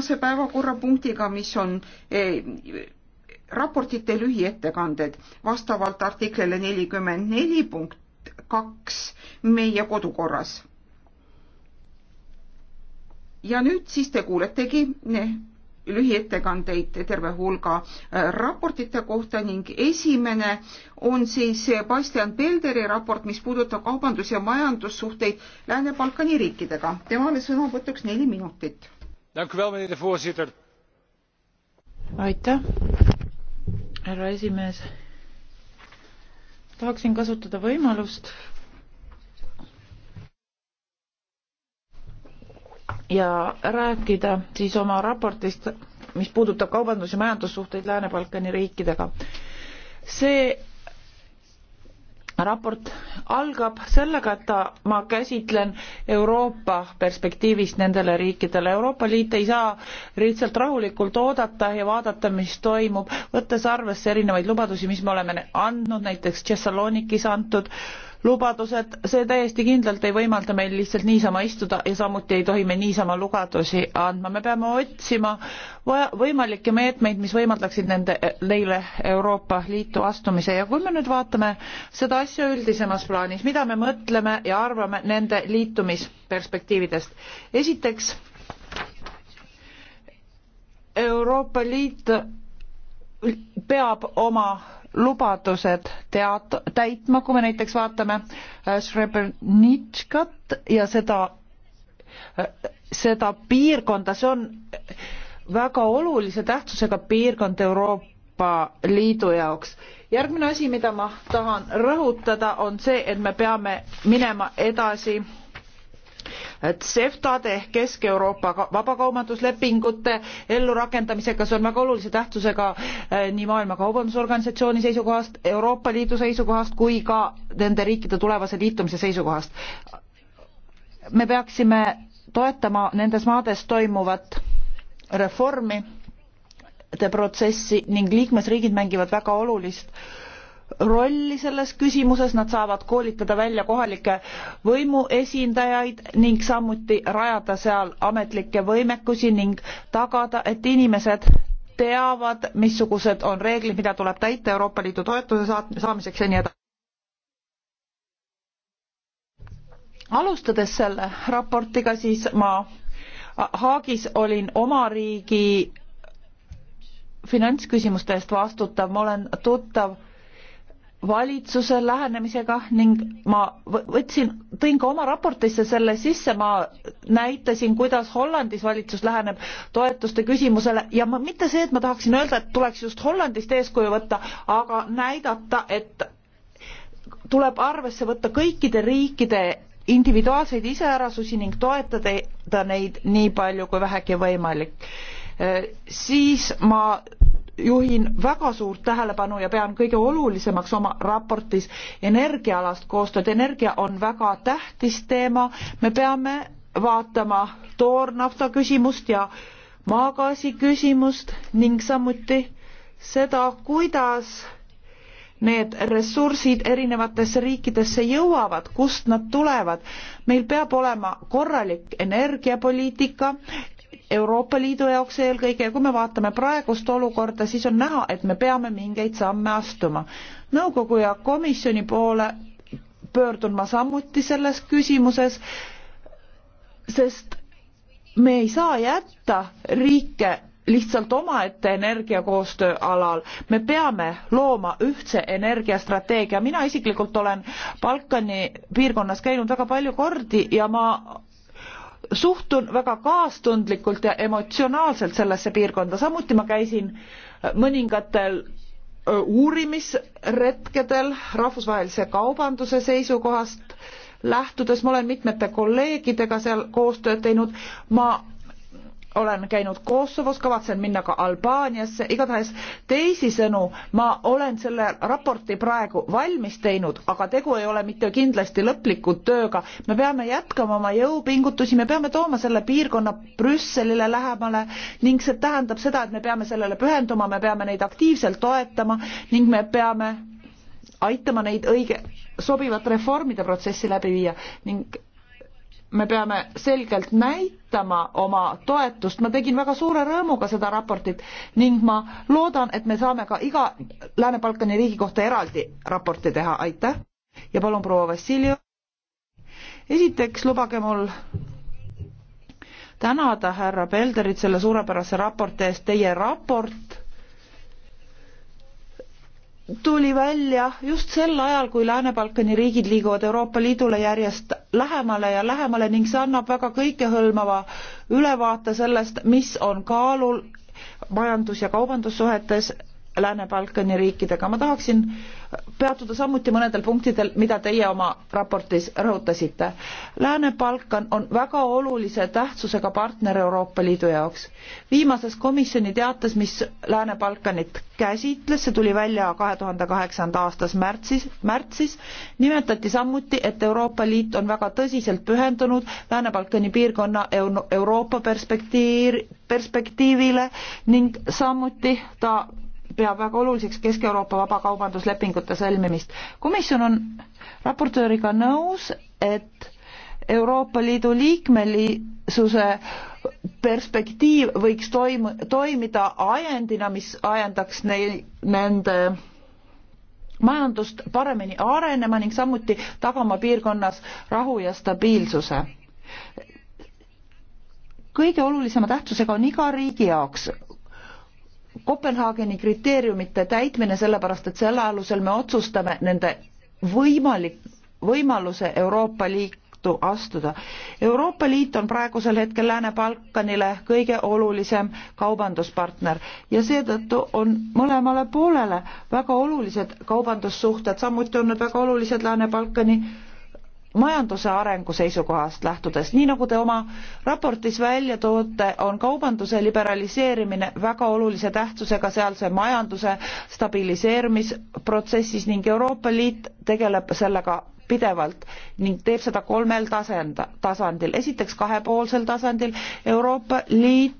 viimase päevakorrapunktiga, mis on eh, raportite lühiettekanded vastavalt artiklile nelikümmend neli punkt kaks meie kodukorras. ja nüüd siis te kuuletegi lühiettekandeid terve hulga eh, raportite kohta ning esimene on siis Bastian Pelderi raport, mis puudutab kaubandus- ja majandussuhteid Lääne-Balkani riikidega. temale sõnavõtuks neli minutit voorzitter tahaksin kasutada võimalust ja rääkida siis oma raportist mis puudutab kaubandus ja majandussuhteid lääne balkani riikidega. see raport algab sellega, et ta, ma käsitlen Euroopa perspektiivist nendele riikidele. Euroopa Liit ei saa lihtsalt rahulikult oodata ja vaadata, mis toimub, võttes arvesse erinevaid lubadusi, mis me oleme andnud, näiteks Thessalonikis antud äh, lubadused, see täiesti kindlalt ei võimalda meil lihtsalt niisama istuda ja samuti ei tohi me niisama lubadusi andma, me peame otsima võimalikke meetmeid, mis võimaldaksid nende, neile Euroopa Liitu astumise ja kui me nüüd vaatame seda asja üldisemas plaanis, mida me mõtleme ja arvame nende liitumisperspektiividest. esiteks, Euroopa Liit peab oma lubadused teat-, täitma, kui me näiteks vaatame äh, Srebrenitškat ja seda, äh, seda piirkonda, see on väga olulise tähtsusega piirkond Euroopa Liidu jaoks. järgmine asi, mida ma tahan rõhutada, on see, et me peame minema edasi CEFTA-d ehk Kesk-Euroopa vabakaubanduslepingute ellurakendamisega, see on väga olulise tähtsusega eh, nii Maailma Kaubandusorganisatsiooni seisukohast, Euroopa Liidu seisukohast kui ka nende riikide tulevase liitumise seisukohast. me peaksime toetama nendes maades toimuvat reformi protsessi ning liikmesriigid mängivad väga olulist rolli selles küsimuses, nad saavad koolitada välja kohalikke võimuesindajaid ning samuti rajada seal ametlikke võimekusi ning tagada, et inimesed teavad, missugused on reeglid, mida tuleb täita Euroopa Liidu toetuse saamiseks ja nii edasi. alustades selle raportiga, siis ma Haagis olin oma riigi finantsküsimuste eest vastutav, ma olen tuttav valitsuse lähenemisega ning ma võtsin, tõin ka oma raportisse selle sisse, ma näitasin, kuidas Hollandis valitsus läheneb toetuste küsimusele ja ma mitte see, et ma tahaksin öelda, et tuleks just Hollandist eeskuju võtta, aga näidata, et tuleb arvesse võtta kõikide riikide individuaalseid iseärasusi ning toetada neid nii palju kui vähegi võimalik. Äh, siis ma juhin väga suurt tähelepanu ja pean kõige olulisemaks oma raportis energiaalast koostööd. energia on väga tähtis teema, me peame vaatama toornafta küsimust ja maagaasi küsimust ning samuti seda, kuidas need ressursid erinevatesse riikidesse jõuavad, kust nad tulevad. meil peab olema korralik energiapoliitika, Euroopa Liidu jaoks eelkõige ja kui me vaatame praegust olukorda, siis on näha, et me peame mingeid samme astuma. nõukogu ja komisjoni poole pöördun ma samuti selles küsimuses, sest me ei saa jätta riike lihtsalt omaette energiakoostöö alal me peame looma ühtse energiastrateegia mina isiklikult olen balkani piirkonnas käinud väga palju kordi ja ma suhtun väga kaastundlikult ja emotsionaalselt sellesse piirkonda, samuti ma käisin mõningatel uurimisretkedel rahvusvahelise kaubanduse seisukohast lähtudes, ma olen mitmete kolleegidega seal koostööd teinud, ma olen käinud Kosovos, kavatsen minna ka Albaaniasse, igatahes teisisõnu, ma olen selle raporti praegu valmis teinud, aga tegu ei ole mitte kindlasti lõpliku tööga. me peame jätkama oma jõupingutusi, me peame tooma selle piirkonna Brüsselile lähemale ning see tähendab seda, et me peame sellele pühenduma, me peame neid aktiivselt toetama ning me peame aitama neid õige, sobivat reformide protsessi läbi viia ning me peame selgelt näitama oma toetust. ma tegin väga suure rõõmuga seda raportit ning ma loodan, et me saame ka iga Lääne-Balkani riigi kohta eraldi raporti teha. aitäh ja palun, proua Vassiljev. esiteks lubage mul tänada härra Pelderit selle suurepärase raporti eest. Teie raport tuli välja just sel ajal, kui Lääne-Balkani riigid liiguvad Euroopa Liidule järjest lähemale ja lähemale ning see annab väga kõikehõlmava ülevaate sellest, mis on kaalul majandus- ja kaubandussuhetes Lääne-Balkani riikidega. ma tahaksin peatuda samuti mõnedel punktidel, mida teie oma raportis rõhutasite. Lääne-Balkan on väga olulise tähtsusega partner Euroopa Liidu jaoks. viimases komisjoni teates, mis Lääne-Balkanit käsitles, see tuli välja kahe tuhande kaheksanda aastas märtsis, märtsis, nimetati samuti, et Euroopa Liit on väga tõsiselt pühendunud Lääne-Balkani piirkonna Euroopa perspektiiv, perspektiivile ning samuti ta peab väga oluliseks Kesk-Euroopa vabakaubanduslepingute sõlmimist. komisjon on raportööriga nõus, et Euroopa Liidu liikmelisuse perspektiiv võiks toim-, toimida ajendina, mis ajendaks neil, nende majandust paremini arenema ning samuti tagama piirkonnas rahu ja stabiilsuse. kõige olulisema tähtsusega on iga riigi jaoks Kopenhaageni kriteeriumite täitmine, sellepärast et selle alusel me otsustame nende võimalik, võimaluse Euroopa Liitu astuda. Euroopa Liit on praegusel hetkel Lääne-Balkanile kõige olulisem kaubanduspartner ja seetõttu on mõlemale poolele väga olulised kaubandussuhted, samuti on need väga olulised Lääne-Balkani majanduse arengu seisukohast lähtudes, nii nagu te oma raportis välja toote, on kaubanduse liberaliseerimine väga olulise tähtsusega sealse majanduse stabiliseerimisprotsessis ning Euroopa Liit tegeleb sellega pidevalt ning teeb seda kolmel tasand, tasandil. esiteks kahepoolsel tasandil Euroopa Liit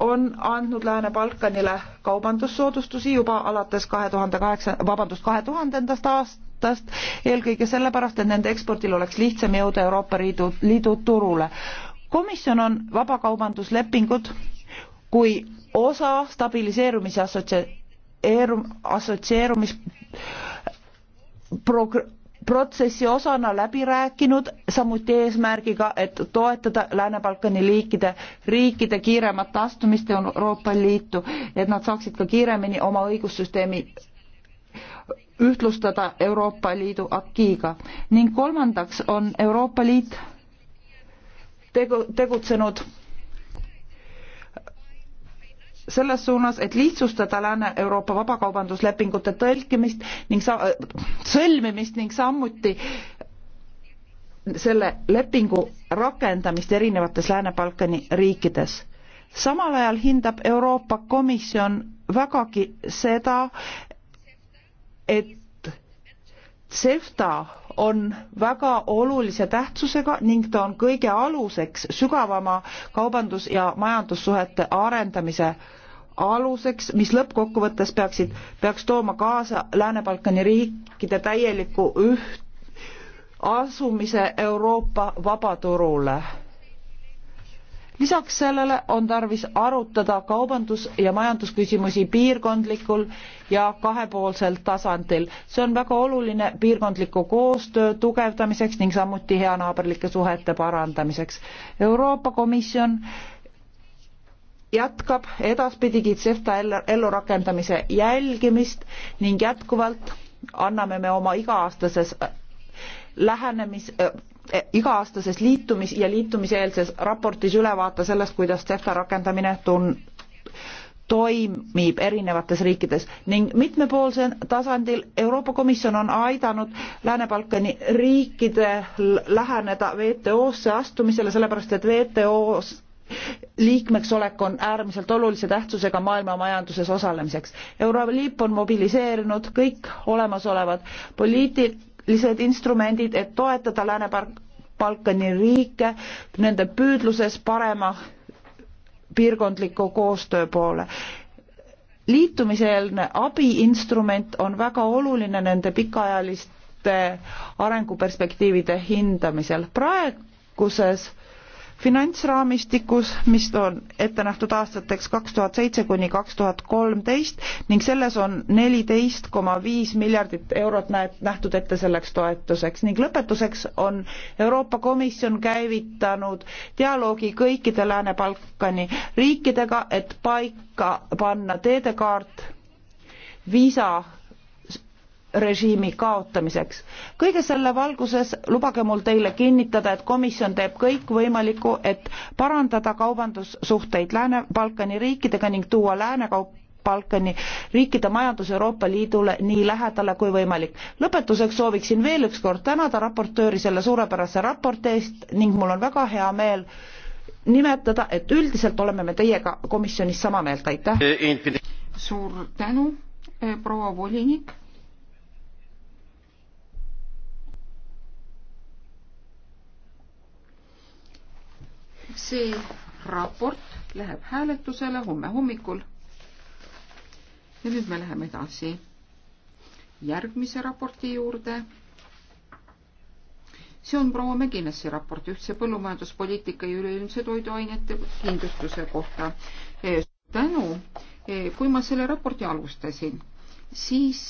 on andnud Lääne-Balkanile kaubandussoodustusi juba alates kahe tuhande kaheksa, vabandust, kahe tuhandendast aastast aastast, eelkõige sellepärast, et nende ekspordil oleks lihtsam jõuda Euroopa Liidu, Liidu turule. komisjon on vabakaubanduslepingud kui osa stabiliseerumise assotsieerum, assotsieerumis prog-, protsessi osana läbi rääkinud, samuti eesmärgiga, et toetada Lääne-Balkani liikide, riikide kiiremat astumist Euroopa Liitu, et nad saaksid ka kiiremini oma õigussüsteemi ühtlustada Euroopa Liidu akiiga ning kolmandaks on Euroopa Liit tegu, tegutsenud selles suunas, et lihtsustada Lääne-Euroopa vabakaubanduslepingute tõlkimist ning sa-, sõlmimist ning samuti selle lepingu rakendamist erinevates Lääne-Balkani riikides. samal ajal hindab Euroopa Komisjon vägagi seda, et CEFTA on väga olulise tähtsusega ning ta on kõige aluseks sügavama kaubandus- ja majandussuhete arendamise aluseks, mis lõppkokkuvõttes peaksid, peaks tooma kaasa Lääne-Balkani riikide täieliku üht, asumise Euroopa vabaturule lisaks sellele on tarvis arutada kaubandus ja majandusküsimusi piirkondlikul ja kahepoolsel tasandil see on väga oluline piirkondliku koostöö tugevdamiseks ning samuti heanaaberlike suhete parandamiseks euroopa komisjon jätkab edaspidigi CEFTA ellurakendamise jälgimist ning jätkuvalt anname me oma iga-aastases lähenemis iga-aastases liitumis ja liitumiseelses raportis ülevaate sellest, kuidas CEFTA rakendamine tun-, toimib erinevates riikides ning mitmepoolsel tasandil Euroopa Komisjon on aidanud Lääne-Balkani riikidel läheneda WTO-sse astumisele, sellepärast et WTO-s liikmeks olek on äärmiselt olulise tähtsusega maailma majanduses osalemiseks. Euroliip on mobiliseerinud kõik olemasolevad poliitik-, poliitilised instrumendid, et toetada Lääne-Balkani riike nende püüdluses parema piirkondliku koostöö poole. liitumiseelne abiinstrument on väga oluline nende pikaajaliste arenguperspektiivide hindamisel. praeguses finantsraamistikus, mis on ette nähtud aastateks kaks tuhat seitse kuni kaks tuhat kolmteist ning selles on neliteist koma viis miljardit eurot näeb, nähtud ette selleks toetuseks ning lõpetuseks on Euroopa Komisjon käivitanud dialoogi kõikide Lääne-Balkani riikidega, et paika panna teedekaart viisa režiimi kaotamiseks. kõige selle valguses lubage mul teile kinnitada, et komisjon teeb kõik võimalikku, et parandada kaubandussuhteid Lääne-Balkani riikidega ning tuua Lääne kaup Balkani riikide majandus Euroopa Liidule nii lähedale kui võimalik. lõpetuseks sooviksin veel ükskord tänada raportööri selle suurepärase raporti eest ning mul on väga hea meel nimetada, et üldiselt oleme me teiega komisjonis sama meelt, aitäh! suur tänu, proua volinik see raport läheb hääletusele homme hommikul. ja nüüd me läheme edasi järgmise raporti juurde. see on proua Meginesi raport ühtse põllumajanduspoliitika ja üleilmse toiduainete kindlustuse kohta. tänu, kui ma selle raporti alustasin, siis